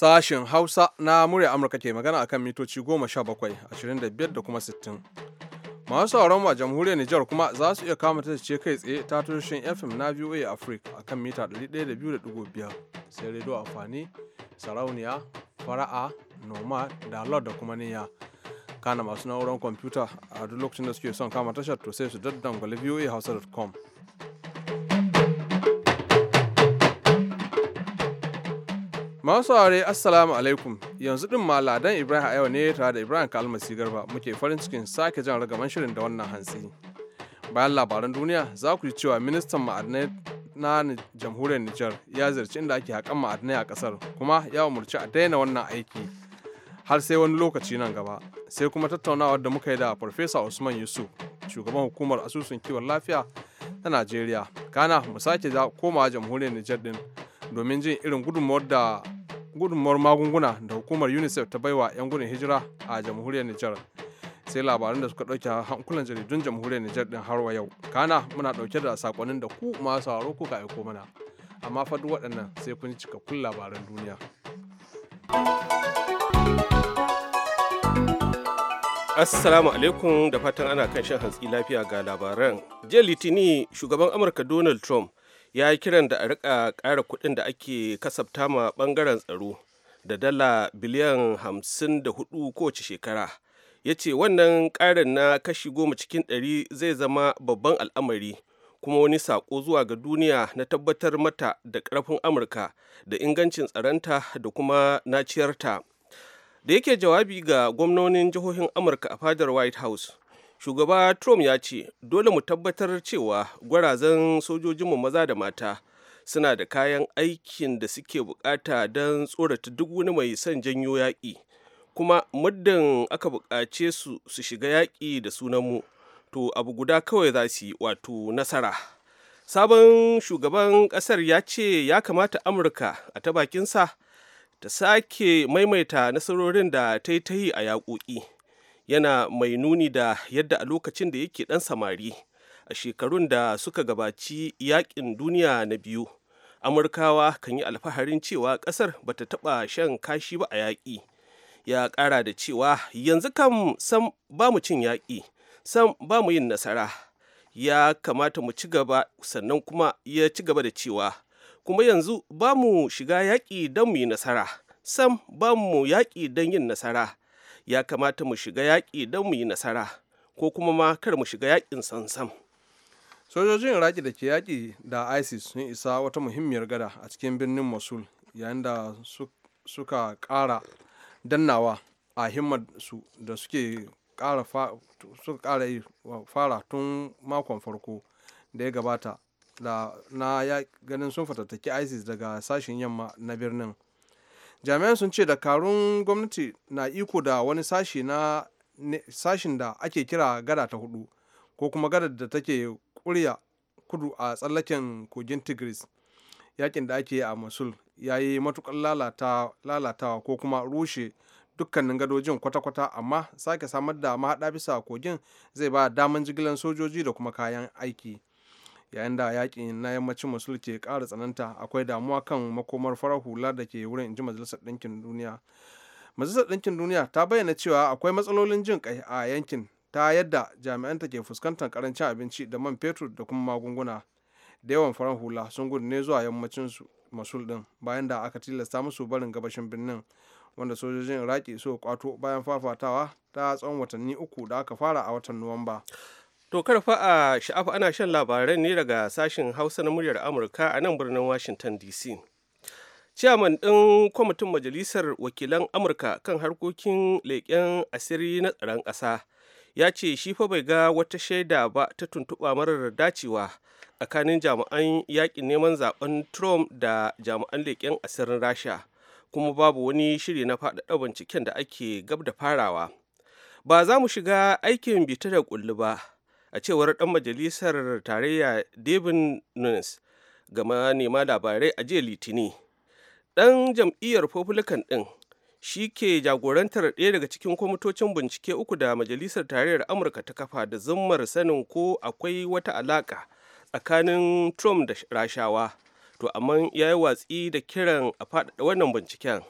Sashen Hausa na murya Amurka ke magana akan mitoci 17, 25 da kuma 60. Masu sauran a jamhuriyar Nijar kuma za su iya kama ta ce kai tsaye ta tushen FM na VOA Africa akan mita 102.5 sai rediyo amfani sarauniya fara'a noma da lord da kuma niyya kana masu na'urar kwamfuta a duk lokacin da suke son kama tashar to sai su daddangwale voahausa.com Masu aure Assalamu alaikum yanzu din ma Ladan Ibrahim a ne tare da Ibrahim Kalmasi Garba muke farin cikin sake jan ragaman shirin da wannan hantsi. Bayan labaran duniya za ku ji cewa ministan ma'adanai na jamhuriyar Nijar ya ziyarci inda ake haƙan ma'adanai a ƙasar kuma ya umarci a daina wannan aiki har sai wani lokaci nan gaba sai kuma tattaunawar da muka yi da Farfesa Usman Yusuf shugaban hukumar asusun kiwon lafiya ta Najeriya kana mu sake komawa jamhuriyar Nijar din domin jin irin gudunmawar da gudunmawar magunguna da hukumar unicef ta baiwa 'yan gudun hijira a jamhuriyar nijar sai labaran da suka ɗauke hankulan jaridun jamhuriyar nijar ɗin har wa yau kana muna ɗauke da sakonnin da ku masu ko kuka aiko mana amma fa duk waɗannan sai kun cikakkun labaran duniya Assalamu alaikum da fatan ana kan shan hantsi lafiya ga labaran. Jiya Litini, shugaban Amurka Donald Trump ya yi kiran da a rika ƙara kuɗin da ake kasafta ma ɓangaren tsaro da dala biliyan hamsin da hudu kowace shekara ya ce wannan ƙarin na kashi goma cikin ɗari zai zama babban al'amari kuma wani saƙo zuwa ga duniya na tabbatar mata da ƙarfin amurka da ingancin tsaronta da kuma naciyarta da yake jawabi ga gwamnonin jihohin amurka a fadar white house shugaba trump ya ce dole mu tabbatar cewa gwarazan sojojinmu maza da mata suna da kayan aikin da suke bukata don tsorata duk wani mai son janyo yaƙi kuma muddin aka buƙace su su shiga yaƙi da sunanmu to abu guda kawai za su yi wato nasara sabon shugaban ƙasar ya ce ya kamata amurka a ta bakinsa ta sake maimaita nasarorin da ta yi ta yi a yaƙoƙi yana mai nuni da yadda a lokacin da yake ɗan samari a shekarun da suka gabaci yaƙin duniya na biyu amurkawa kan yi alfaharin cewa ƙasar ba ta taɓa shan kashi ba a yaƙi ya ƙara da cewa yanzu kam san ba mu cin yaƙi san ba mu yin nasara ya kamata mu ci gaba sannan kuma ya ci gaba da cewa kuma yanzu ba mu shiga yaƙi don mu yi nasara sam ba mu yaƙi don yin nasara ya kamata mu shiga yaƙi don mu yi nasara ko kuma ma kar mu shiga yaƙin sansan. sojojin iraki da ke yaƙi da isis sun isa wata muhimmiyar gada a cikin birnin mosul yayin da suka ƙara dannawa a himmar su da suke ƙara fara tun makon farko da ya gabata da na ganin sun fatattaki isis daga sashen yamma na birnin jami'an sun ce dakarun gwamnati na iko da wani sashi na sashin da ake kira gada ta hudu ko kuma gada da take kurya kudu a tsallaken kogin tigris yakin da ake a mosul ya yi matukar lalatawa ko kuma rushe dukkanin gadojin kwata-kwata amma sake samar da mahaɗa bisa kogin zai ba daman jigilar sojoji da kuma kayan aiki yayin da yakin na yammacin masul ke ƙara tsananta akwai damuwa kan makomar farar hula da ke wurin inji majalisar ɗinkin duniya majalisar ɗinkin duniya ta bayyana cewa akwai matsalolin jin kai a yankin ta yadda jami'anta ke fuskantar karancin abinci da man fetur da kuma magunguna da yawan farar hula sun gudu ne zuwa yammacin masul ɗin bayan da aka tilasta musu barin gabashin birnin wanda sojojin iraki so kwato bayan fafatawa ta tsawon watanni uku da aka fara a watan nuwamba To karfa a sha'afa ana shan labaran ne daga sashen Hausa na muryar Amurka a nan birnin Washington DC. Ciyaman ɗin kwamitin Majalisar Wakilan Amurka kan harkokin leƙen asiri na tsaron ƙasa ya ce shi fa bai ga wata shaida ba ta tuntuɓa marar dacewa tsakanin jami'an yaƙin neman zaben Trump da jami'an leƙen asirin Rasha kuma babu wani shiri na faɗaɗa binciken da ake gab da farawa. Ba za mu shiga aikin bita da ƙulli ba. a cewar ɗan majalisar tarayya David Nunes ga manema labarai a jiya Litini. Ɗan jam'iyyar Republican ɗin shi ke jagorantar ɗaya daga cikin kwamitocin bincike uku da majalisar tarayyar amurka ta kafa da zummar sanin ko akwai wata alaka tsakanin trump da rashawa to amma ya yi watsi da kiran a faɗaɗa wannan binciken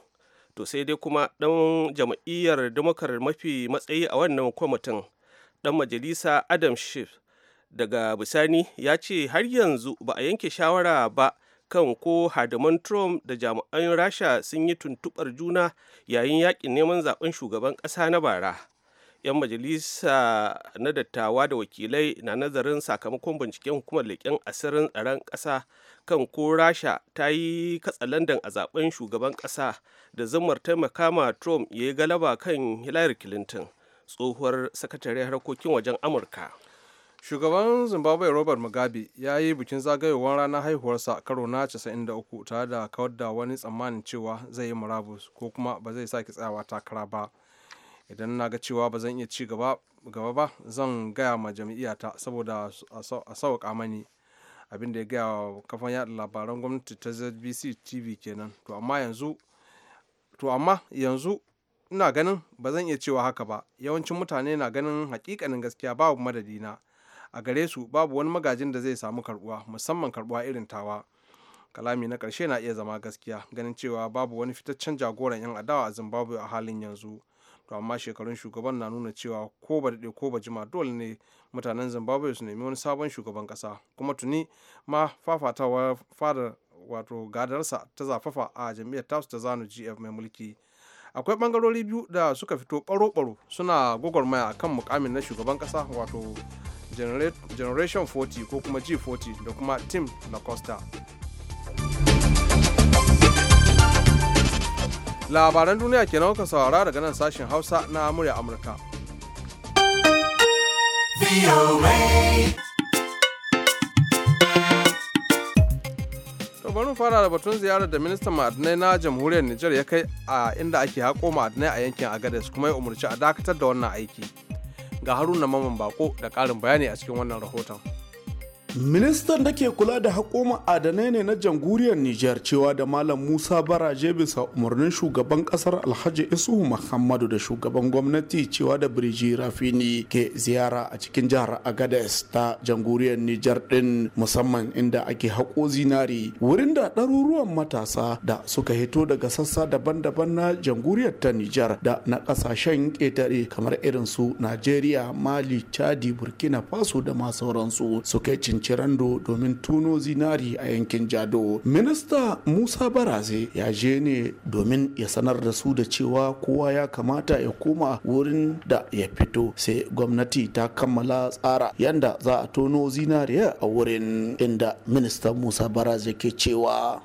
to sai dai kuma ɗan jam'iyyar damakar mafi matsayi a wannan kwamitin dan majalisa adam schiff daga bisani ya ce har yanzu ba a yanke shawara ba kan ko hadaman trump da jami'an rasha sun yi tuntubar juna yayin yakin neman zaben shugaban ƙasa na bara 'yan majalisa na dattawa da wakilai na nazarin sakamakon binciken hukumar leƙen asirin tsaron ƙasa kan ko rasha ta yi katsalandan a zaben shugaban ƙasa da zumar taimaka ma trump ya yi galaba kan hillary clinton tsohuwar sakatare harkokin wajen amurka shugaban zimbabwe robert mugabe ya yi bikin zagayowar ranar haihuwarsa karo na 93 tare da kawar da wani tsammanin cewa zai yi murabus ko kuma ba zai sake tsayawa takara ba idan na ga cewa ba zan iya ci gaba ba zan gaya ma jam'iyyata saboda a sauƙa mani abin da ya gaya wa kafan yada labaran gwamnati ta zbc tv kenan to to amma yanzu ina ganin ba zan iya cewa haka ba yawancin mutane na ganin hakikanin gaskiya babu madadina a gare su babu wani magajin da zai samu karbuwa musamman karbuwa irin tawa kalami na karshe na iya zama gaskiya ganin cewa babu wani fitaccen jagoran yan adawa a zimbabwe a halin yanzu to amma shekarun shugaban na nuna cewa ko ba daɗe ko ba jima dole ne mutanen zimbabwe su nemi wani sabon shugaban ƙasa kuma tuni ma fafatawa fadar wato gadarsa ta zafafa a jam'iyyar tasu ta zanu gf mai mulki akwai bangarori biyu da suka fito baro-baro suna gwagwarmaya a kan mukamin na shugaban kasa wato generation 40 ko kuma g40 da kuma tim na costa labaran duniya ke nauka saurara daga nan sashen hausa na murya amurka bari fara da batun ziyarar da ministan ma'adinai na jamhuriyar Nijar ya kai a inda ake haƙo ma'adinai a yankin agadas kuma ya umarci a dakatar da wannan aiki. Ga Haruna Maman Bako da ƙarin bayani a cikin wannan rahoton. Ministan da ke kula da haƙo ma'adanai ne na jamhuriyar Nijar cewa da Malam Musa Baraje bisa umarnin shugaban ƙasar Alhaji Isuhu Muhammadu da shugaban gwamnati cewa da Birji Rafini ke ziyara a cikin jihar agadas ta jamhuriyar Nijar din musamman inda ake haƙo zinari wurin da ɗaruruwan matasa da suka hito daga sassa daban-daban na jamhuriyar ta Nijar da na ƙasashen ƙetare kamar irin su Najeriya, Mali, Chadi, Burkina Faso da ma sauransu suka cinci rando domin tuno zinari a yankin jado minista musa baraze ya je ne domin ya sanar da su da cewa kowa ya kamata ya koma wurin da ya fito sai gwamnati ta kammala tsara yanda za a tono zinari a wurin inda minista musa baraze ke cewa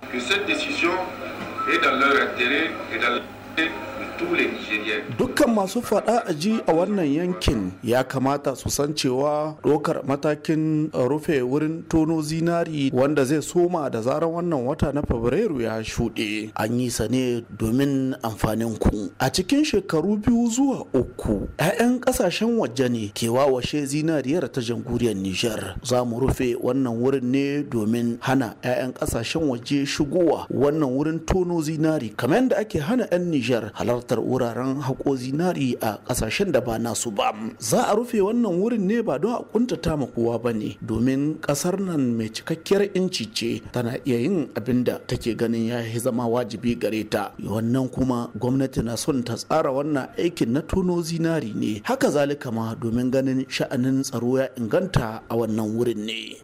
Dukkan masu faɗa a ji a wannan yankin ya kamata su san cewa ɗaukar matakin rufe wurin tono zinari wanda zai soma da zarar wannan wata na Fabrairu ya shuɗe. An yi sa ne domin amfanin ku. A cikin shekaru biyu zuwa uku, 'ya'yan kasashen waje ne ke wawashe zinariyar ta jamhuriyar Nijar. Za mu rufe wannan wurin ne domin hana 'ya'yan kasashen waje shigowa wannan wurin tono zinari kamar yadda ake hana 'yan Nijar halartar wuraren haƙo zinari a kasashen da ba nasu ba. Za a rufe wannan wurin ne ba don a kuntata ma kowa ba ne domin kasar nan mai cikakkiyar inci ce tana iya yin abin da take ganin ya zama wajibi gare ta. Wannan kuma gwamnati na son ta tsara wannan aikin na tono zinari ne. haka zalika ma domin ganin sha'anin tsaro ya inganta a wannan wurin ne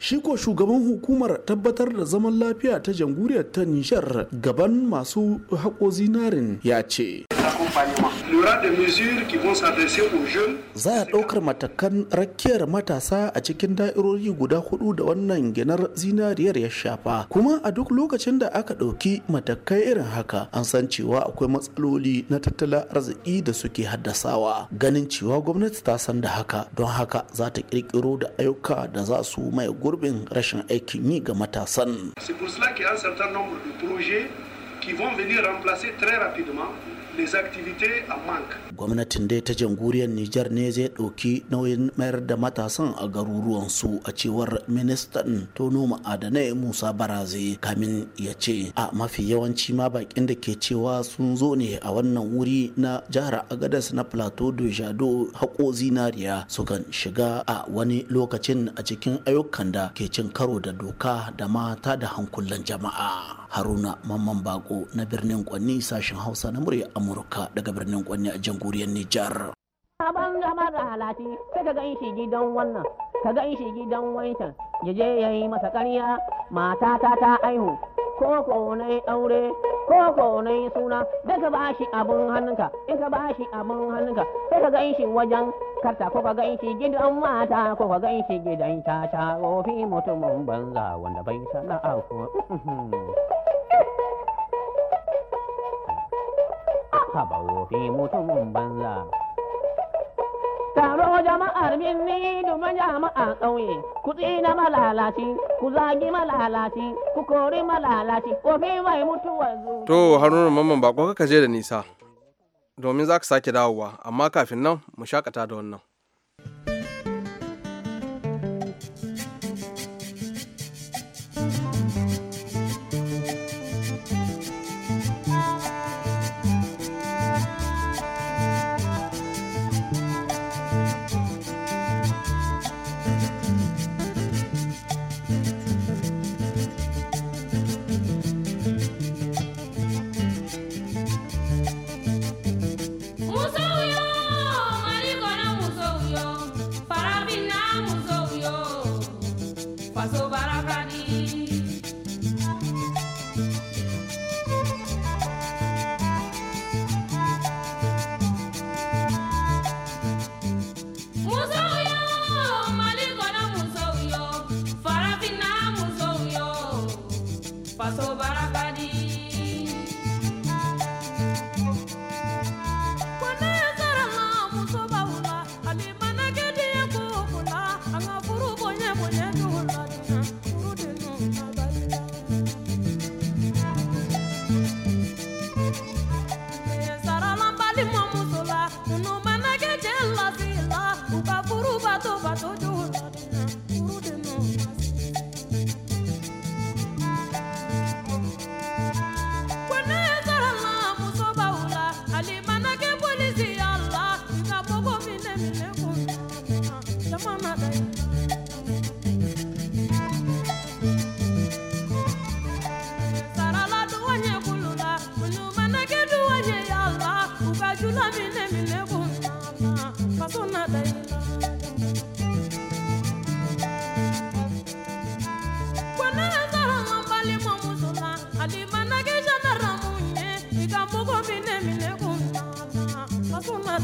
Shi ko shugaban hukumar tabbatar da zaman lafiya ta jamhuriyar ta Nijar gaban masu haƙo zinarin ya ce. Za a ɗaukar matakan rakiyar matasa a cikin da'irori guda hudu da wannan ginar zinariyar ya shafa. Kuma a duk lokacin da aka ɗauki matakai irin haka an san cewa akwai matsaloli na tattala arziki da suke haddasawa. Ganin cewa gwamnati ta san da haka don haka za ta ƙirƙiro da ayyuka da za su mai gurbin rashin aikin yi ga matasan. qui vont venir remplacer très rapidement les activités Gwamnatin dai ta jamhuriyar Nijar ne zai ɗauki nauyin mayar da matasan a garuruwan su a cewar ministan tono ma'adanai Musa Baraze kamin ya ce a mafi yawanci ma bakin da ke cewa sun zo ne a wannan wuri na jihar Agadas na Plateau de Jado hako zinariya sukan shiga a wani lokacin a cikin ayyukan da ke cin karo da doka da mata da hankulan jama'a. Haruna Mamman Bako na birnin Kwanni sashen Hausa na murya Amurka. amurka daga birnin kwanne a jamhuriyar nijar sabon gama da halaci sai ka gan shi gidan wannan ka gan shi gidan wancan ya je ya yi masa karya mata ta ta aihu ko ko ne aure ko ko ne suna da ka ba shi abin hannunka in ka ba shi abin hannunka sai ka gan shi wajen karta ko ka gan shi gidan mata ko ka gan shi gidan tata ofi mutumin banza wanda bai sana'a ko mhm. haba wofi mutum banza taro jama'ar birni duma jama'a ƙauye ku tsina malalaci ku zagi malalaci ku kori malalaci kofi mai mutuwar to haruna mamman bako ka je da nisa domin za ka sake dawowa amma kafin nan mu shakata da wannan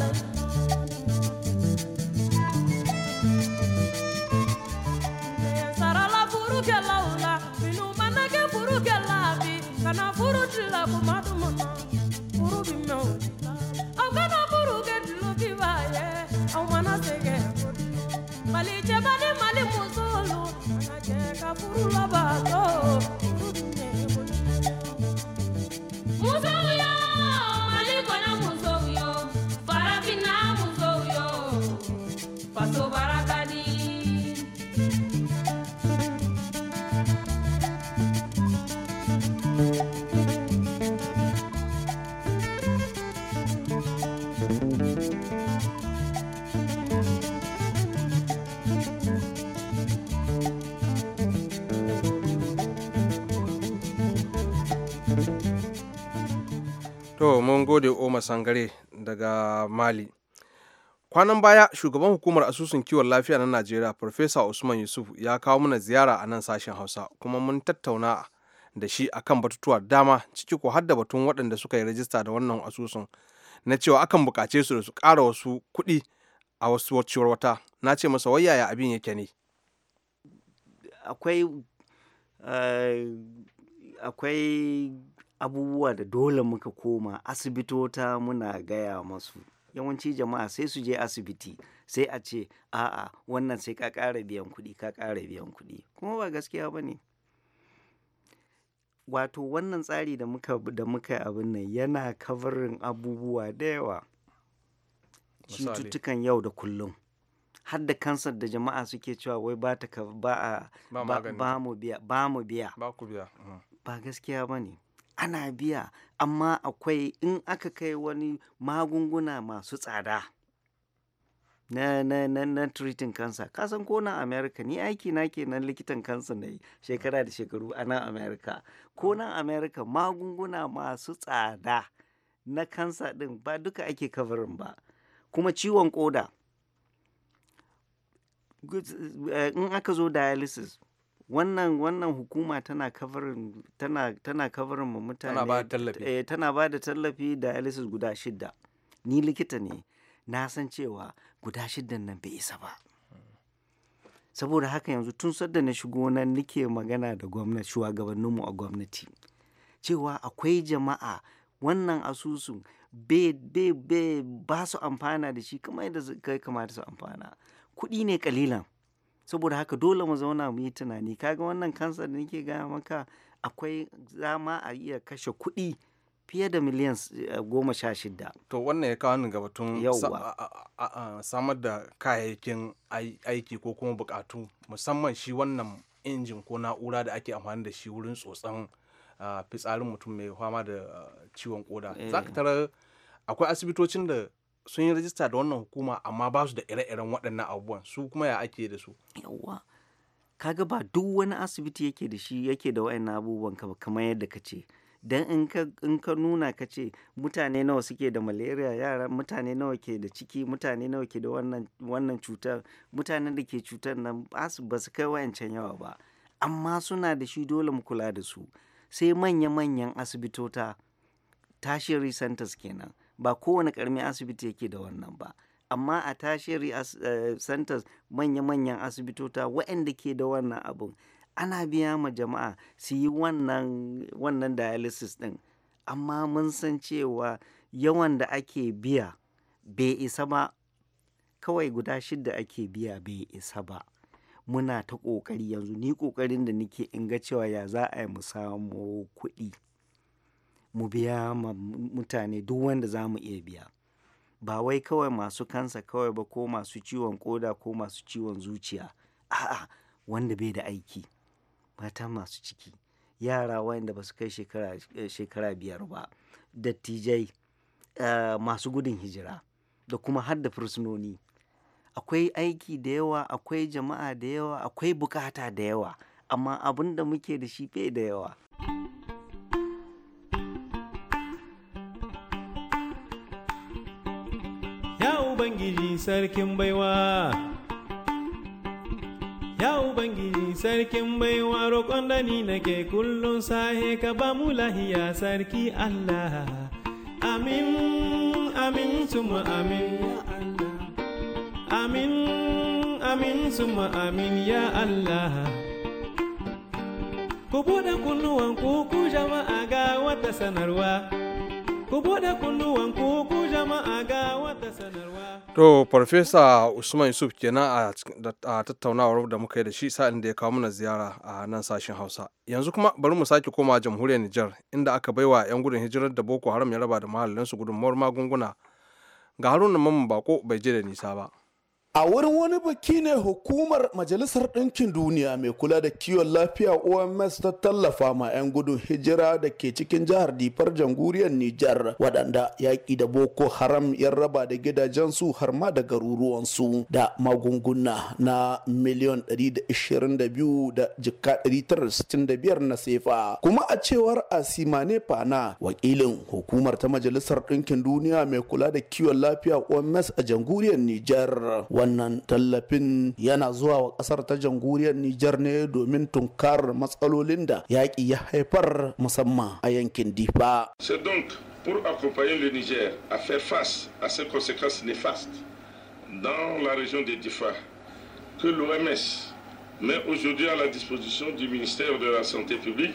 another. To mun gode Omar Sangare daga Mali. Kwanan baya shugaban hukumar asusun kiwon lafiya na Najeriya profesa Usman Yusuf ya kawo mana ziyara a nan sashen Hausa kuma mun tattauna da shi a kan batutuwa dama ciki ko hadda batun waɗanda suka yi rajista da wannan asusun na cewa akan buƙace su da su ƙara wasu kuɗi a wasu wacewar wata na ce masa wayaya abin yake ne. Akwai eh, akwai abubuwa da dole muka koma asibitota muna gaya masu yawanci jama'a sai su je asibiti sai a ce a'a wannan sai ka ƙara biyan kuɗi ka ƙara biyan kuɗi kuma ba gaskiya ba ne wato wannan tsari da muka da muka abin nan yana kabarin abubuwa da yawa cututtukan yau da kullum har da kansar da jama'a suke cewa wai ba ta ba a ba mu biya ba ku biya mm. ba gaskiya ba ne ana biya amma akwai in aka kai wani magunguna masu tsada na na na na treating cancer kasan ko na america ni aiki na kenan likitan kansa na shekara da shekaru a nan america ko nan america magunguna masu tsada na kansa din ba duka ake kabarin ba kuma ciwon koda eh, in aka zo dialysis wannan wannan hukuma tana covering tana tana covering ma mutane tana ba da tallafi eh tana ba da tallafi dialysis guda shida ni likita ne na san cewa guda shiddan nan bai isa ba saboda haka yanzu tun sadda na shigo nan nike magana da gwamnati mu a gwamnati cewa akwai jama'a wannan asusun be ba su amfana da shi kamar yadda kai kamata su amfana kuɗi ne kalilan saboda haka dole mu zauna mu yi tunani kaga wannan kansa da nake gaya maka akwai zama a iya kashe kuɗi fiye da miliyan eh, goma sha shida. To wannan ya kawo ni ga batun samar da kayayyakin aiki ko kuma bukatu musamman shi wannan injin ko na'ura da ake amfani da shi wurin tsotsan fitsarin mutum mai fama da ciwon koda. Za ka eh. tarar akwai asibitocin da sun yi rajista da wannan hukuma amma ba su da ire-iren waɗannan abubuwan su kuma ya ake da su yawwa kaga ba duk wani asibiti yake da shi yake da waɗannan abubuwan kamar yadda ka ce dan in ka nuna ka ce mutane nawa suke da malaria yara mutane nawa ke da ciki mutane nawa ke da wannan cutar mutanen da ke cutar nan ba su kai wayancan yawa ba amma suna da shi dole mu kula da su sai manya-manyan asibitota tertiary centers kenan ba kowane ƙaramin asibiti yake da wannan ba amma a tertiary uh, centers manya-manyan asibitota waɗanda ke da wannan abun ana biya ma jama'a su yi wannan, wannan dialysis ɗin amma mun san cewa yawan da ake biya bai isa ba kawai guda shidda ake biya bai isa ba muna ta ƙoƙari yanzu ni ƙoƙarin da nake inga cewa ya za a yi mu samu kuɗi mu biya ma mutane duk wanda za mu iya biya ba wai kawai masu kansa kawai ba ko masu ciwon koda ko masu ciwon zuciya a'a wanda bai da aiki mata masu ciki yara wanda ba su kai shekara, biyar ba dattijai eh, masu gudun hijira da kuma har da fursunoni akwai aiki da yawa akwai jama'a da yawa akwai bukata da yawa amma abin da muke da shi bai da yawa Ya Ubangiji sarkin baiwa, Ya Ubangiji sarkin baiwa roƙon da ni nake kullum sahe ka ba mu lahiya sarki Allah. Amin, amin, suma amin, amin, amin, suma amin ya Allah. Ku buɗe kunnuwan ku jama'a ga wata sanarwa, ku buɗe kunnuwan ku jama'a ga wata To, Farfesa Usman Yusuf kenan a tattaunawar da muka yi da shi sa'in da ya kawo mana ziyara a nan sashen Hausa. Yanzu kuma bari mu sake koma jamhuriyar Nijar inda aka baiwa 'yan gudun hijirar da Boko Haram ya raba da mahallinsu gudunmawar magunguna. Ga Haruna Mamman Bako bai je da nisa ba. A wurin wani baki ne hukumar Majalisar Ɗinkin Duniya mai kula da kiwon lafiya OMS ta tallafa ma 'yan gudun hijira da ke cikin jihar Difar janguriyar Nijar waɗanda yaƙi da Boko Haram ya raba da gidajensu har ma da garuruwansu da magunguna na miliyon 122 da jika 965 na sefa. Kuma a cewar ne Fana wakilin hukumar ta Majalisar Ɗinkin Duniya mai kula da kiwon lafiya OMS a jamhuriyar Nijar. C'est donc pour accompagner le Niger à faire face à ces conséquences néfastes dans la région des Difa que l'OMS met aujourd'hui à la disposition du ministère de la Santé publique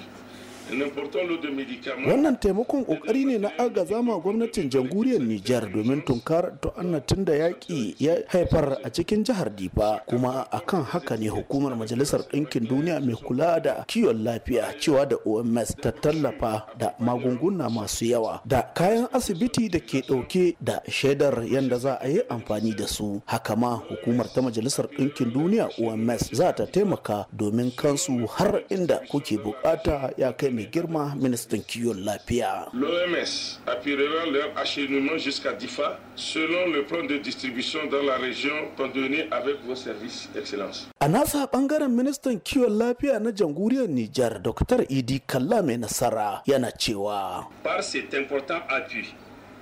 Wannan taimakon kokari ne na agaza gwamnatin janguriyar Nijar domin tunkar ta'annatin da yaƙi ya haifar a cikin jihar Difa kuma a kan haka ne hukumar Majalisar Ɗinkin Duniya mai kula da kiwon lafiya cewa da OMS ta tallafa da magunguna masu yawa da kayan asibiti da ke ɗauke da shaidar yadda za a yi amfani da su. Haka ma hukumar ta Majalisar Ɗinkin Duniya OMS za ta taimaka domin kansu har inda kuke bukata ya kai mai girma ministan kiwon lafiya. L'OMS appuiera leur acheminement jusqu'à Difa selon le plan de distribution dans la région coordonné avec vos services excellence. A nasa bangaren ministan kiwon lafiya na jamhuriyar Nijar Dr. Idi Kalla mai nasara yana cewa. Par cet important appui,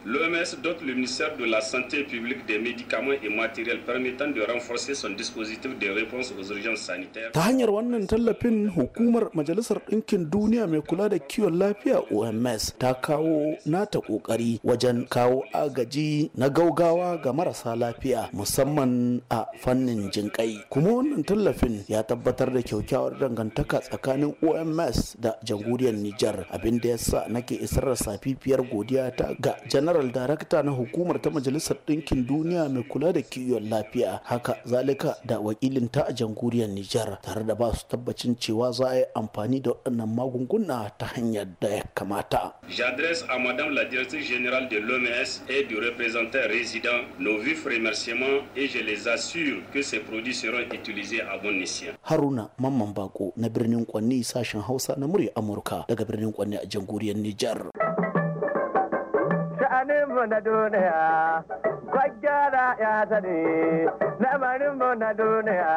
L'OMS dote le ministère de la Santé publique des médicaments et matériels permettant de renforcer son dispositif de réponse aux urgences sanitaires. Ta hanyar wannan tallafin hukumar Majalisar Ɗinkin Duniya mai kula da kiwon lafiya OMS ta kawo nata kokari wajen kawo agaji na gaugawa ga marasa lafiya musamman a fannin jinƙai Kuma wannan tallafin ya tabbatar da kyaukyawar dangantaka tsakanin OMS da jamhuriyar Nijar abinda yasa nake isar da safifiyar godiya ta ga janar general director na hukumar ta majalisar ɗinkin duniya mai kula da kiwon lafiya haka zalika da wakilin ta a jamhuriyar nijar tare da ba su tabbacin cewa za a yi amfani da waɗannan magunguna ta hanyar da ya kamata j'adresse à madame la directrice générale de l'oms et du représentant résident nos vifs remerciements et je les assure que ces produits seront utilisés à bon escient haruna mamman bako na birnin kwanni sashen hausa na murya amurka daga birnin kwanni a jamhuriyar nijar lamarinmu na duniya gwaggara ya zane lamarinmu na duniya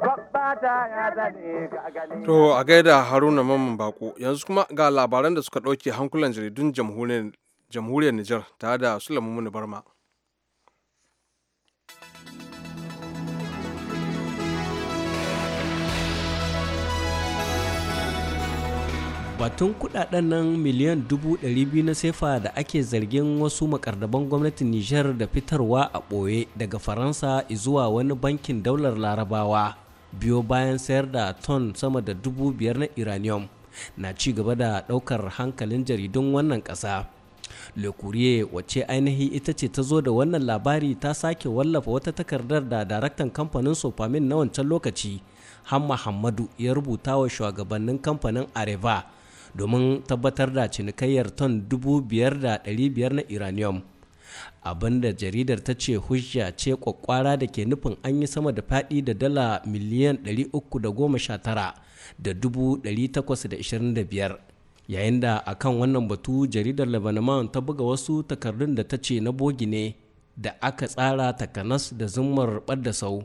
babbata ya zane gagani to a gaida haruna mamman bako yanzu kuma ga labaran da suka ɗauke hankulan jaridun jamhuriyar nijar tare da sulaiman barma batun kudaden nan miliyan dubu ɗari biyu na sefa da ake zargin wasu makardaban gwamnatin niger da fitarwa a ɓoye daga faransa zuwa wani bankin daular larabawa biyo bayan sayar da ton sama da dubu biyar na iranium na ci gaba da ɗaukar hankalin jaridun wannan ƙasa le wacce ainihi ita ce ta zo da wannan labari ta sake wallafa wata takardar da daraktan kamfanin sofamin na wancan lokaci hamma hammadu ya rubuta wa shugabannin kamfanin areva domin tabbatar da cinikayyar ton 5,500 na uranium abinda jaridar ta ce hujja ce kwakwara da ke nufin an yi sama da fadi da dala miliyan 319 da 825 yayin da a kan wannan batu jaridar lebanon ta buga wasu takardun da ta ce na bogi ne da aka tsara takanas da zummar ɓadda sau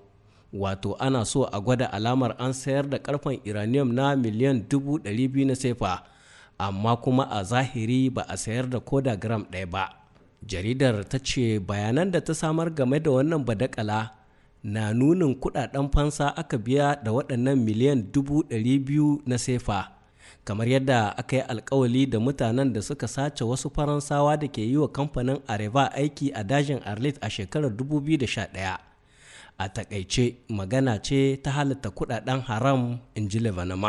wato ana so a gwada alamar an sayar da karfen iranium na miliyan 200 na sefa amma kuma a zahiri ba a sayar da koda gram ɗaya ba jaridar ta ce bayanan da ta samar game da wannan badakala na nunin kudaden fansa aka biya da waɗannan miliyan dubu ɗari biyu na sefa kamar yadda aka yi alkawali da mutanen da suka sace wasu faransawa da ke yi wa kamfanin areva aiki a dajin arlit a shekarar 2011 a takaice magana ce ta halatta kudaden haram in ji lebanon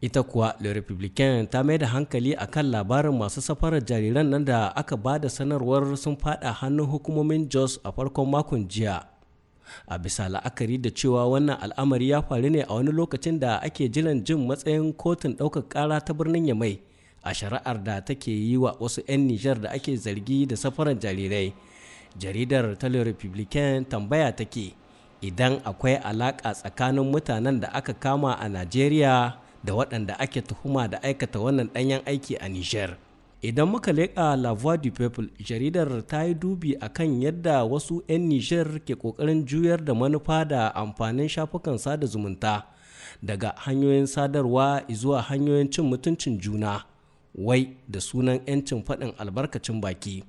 ita kuwa le republican ta mai da hankali kan labarin masu safarar jariran nan da aka ba da sanarwar sun fada hannun hukumomin jos a farkon makon jiya a bisa la'akari da cewa wannan al'amari ya faru ne a wani lokacin da ake jiran jin matsayin kotun ɗaukar kara ta birnin yamai a shari'ar da take yi wa wasu 'yan nijar da ake zargi da safarar jarirai jaridar tele republican tambaya take idan akwai alaƙa tsakanin mutanen da aka kama a najeriya da waɗanda ake tuhuma da aikata wannan ɗanyen aiki a Nijar. Idan muka leƙa La Voix du Peuple, jaridar ta yi dubi a kan yadda wasu 'yan Nijar ke ƙoƙarin juyar da manufa da amfanin shafukan sada zumunta daga hanyoyin sadarwa zuwa hanyoyin cin mutuncin juna, wai da sunan 'yancin faɗin albarkacin baki.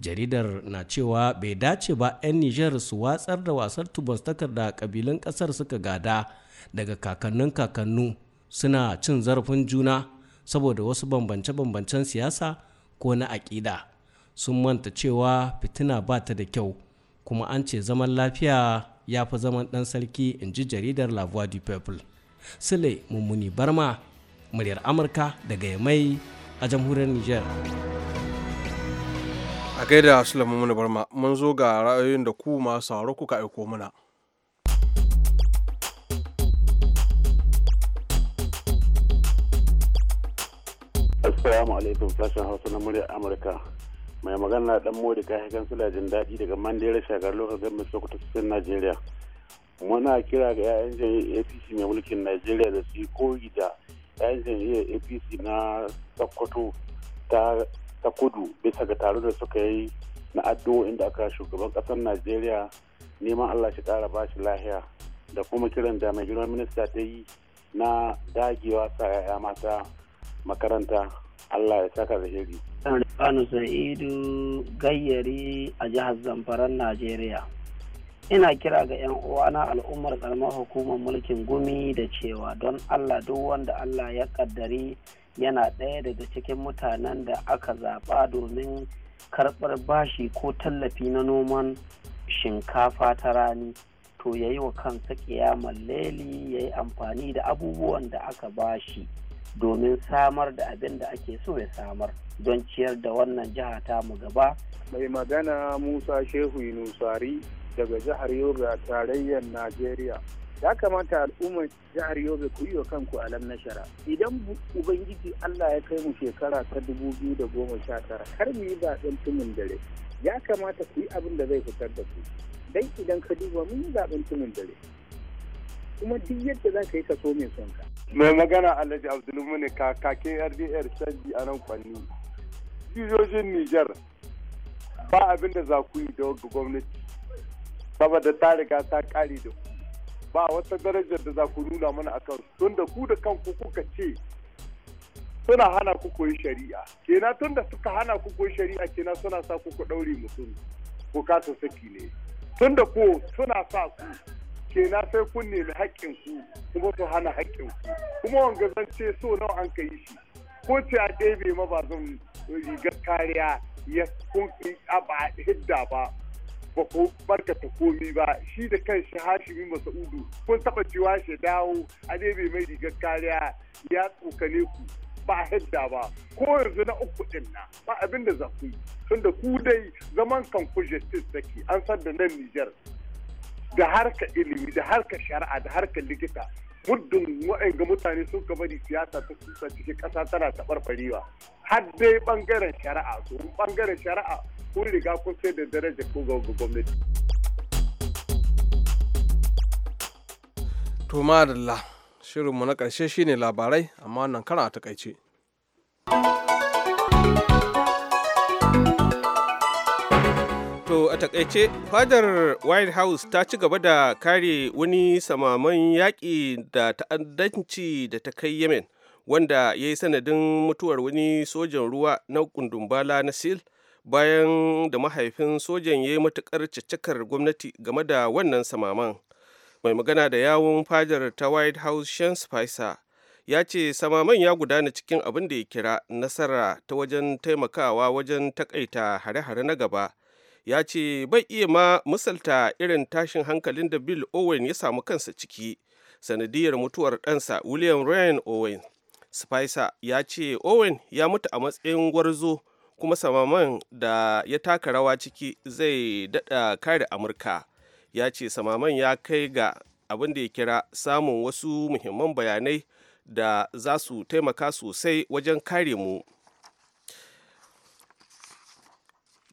jaridar na cewa bai dace ba 'yan Nijar su watsar da wasar tubas takarda ƙasar ƙasar suka gada daga kakannin kakannu suna cin zarafin juna saboda wasu bambance-bambancen siyasa ko na aƙida sun manta cewa fitina ba ta da kyau kuma an ce zaman lafiya ya fi zaman ɗan sarki in ji jaridar la voix du peuple sule mummuni barma muryar amurka daga yamai a jamhuriyar niger a gaida sule mummuni barma mun zo ga ra'ayoyin da ku masu sauraro kuka aiko mana Assalamu alaikum sashen Hausa na murya Amurka. Mai magana dan Modi kai kansila jin daɗi daga Mandela shagar lokacin gamin Sokoto cikin Najeriya. Muna kira ga 'ya'yan jam'iyyar APC mai mulkin Najeriya da su koyi da 'ya'yan jam'iyyar APC na Sokoto ta ta kudu bisa ga taron da suka yi na addu'o da aka shugaban ƙasar Najeriya neman Allah shi ƙara ba shi lahiya da kuma kiran da mai girman minista ta yi na dagewa sa 'ya'ya mata makaranta Allah ya saka da shiri. Rufanu Sa'idu gayyari a jihar Zamfaran Najeriya. Ina kira ga 'yan uwana al'ummar karamar hukumar mulkin gumi da cewa don Allah duk wanda Allah ya kaddari yana ɗaya daga cikin mutanen da aka zaɓa domin karɓar bashi ko tallafi na noman shinkafa ta rani to ya yi wa kansa ƙiyamar leli ya yi amfani da abubuwan da aka bashi. domin samar da abin da ake so ya samar don ciyar da wannan jiha ta mu gaba. Mai magana Musa Shehu Yunusari daga jihar Yobe a tarayyar Najeriya. Ya kamata al'ummar jihar Yobe ku yi wa kanku alam na shara. Idan Ubangiji Allah ya kai mu shekara ta dubu biyu da goma sha tara har mu yi zaɓen tumin dare. Ya kamata ku yi abin da zai fitar da ku. Dan idan ka duba mun yi zaɓen tumin dare. kuma duk yadda za ka yi ka mai son ka. mai magana alhaji ka kake rdr canji a nan kwanni sojojin niger ba abin da za ku yi da gwamnati saboda ta riga ta kare da ku ba wata darajar da za ku nuna mana kan tun da ku da kanku kuka ce suna hana ku koyi shari'a Kena tun da suka hana ku koyi shari'a kena suna sa ku ku ɗaure mutum ku kasa saki ne tun da ku suna sa ku na sai kun nemi haƙƙin ku kuma su hana haƙƙin ku kuma wanga zan ce so nawa an ka shi ko ce a ɗebe ma ba zan rigar kariya ya kun ba hidda ba ba ko barkata komi ba shi da kan shi hashimi masa'udu kun taɓa cewa shi dawo a ɗebe mai rigar kariya ya tsokane ku ba hidda ba ko yanzu na uku din na ba abin da za ku tunda ku dai zaman kan ku justice take an san da nan Nijar da harka ilimi da harka shari'a da harka likita muddin wa'anga mutane sun ka bari siyasa ta kusa cikin ƙasa tana taɓar farewa har dai ɓangaren shari'a su ɓangaren shari'a kun riga kun sai da daraja ko ga gwamnati. To madalla shirinmu na ƙarshe shine labarai amma wannan kara a takaice. To a takaice fadar White House ta ci gaba da kare wani samaman yaƙi da ta'addanci da ta kai Yemen wanda ya yi sanadin mutuwar wani sojan ruwa na kundumbala na SEAL bayan da mahaifin sojan ya yi matuƙar cicikar gwamnati game da wannan samaman. Mai magana da yawun fadar ta White House shan Spicer ya ce samaman ya gudana cikin abin da ya kira nasara ta wajen taimakawa wajen takaita hare-hare na gaba. ya ce bai iya ma misalta irin tashin hankalin da bill owen ya samu kansa ciki sanadiyar mutuwar ɗansa william ryan owen spicer ya ce owen ya mutu a matsayin gwarzo kuma samaman da ya taka rawa ciki zai daɗa kare amurka ya ce samaman ya kai ga abin da ya kira samun wasu muhimman bayanai da za su taimaka sosai wajen kare mu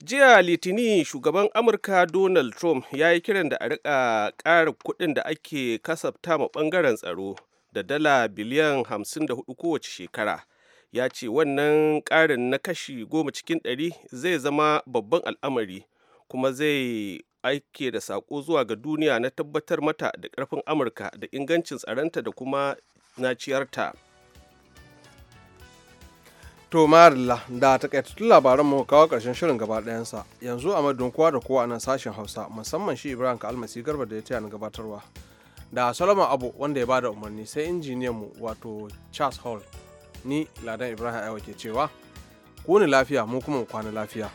jiya litini shugaban amurka donald trump ya yi kiran da a rika ƙara kuɗin da ake kasafta ma ɓangaren tsaro da dala biliyan 54 kowace shekara ya ce wannan ƙarin na kashi goma cikin ɗari zai zama babban al'amari kuma zai aike da saƙo zuwa ga duniya na tabbatar mata da ƙarfin amurka da ingancin tsaronta da kuma naciyarta. To Marilla da takaitattun labaran mu kawo karshen shirin gaba ɗayansa yanzu a madun kowa da kowa a nan sashen Hausa musamman shi Ibrahim Kalmasi Garba da ya taya gabatarwa da Solomon Abu wanda ya ba da umarni sai injiniyan mu wato Charles Hall ni Ladan Ibrahim Aiwa ke cewa ku ni lafiya mu kuma mu kwana lafiya.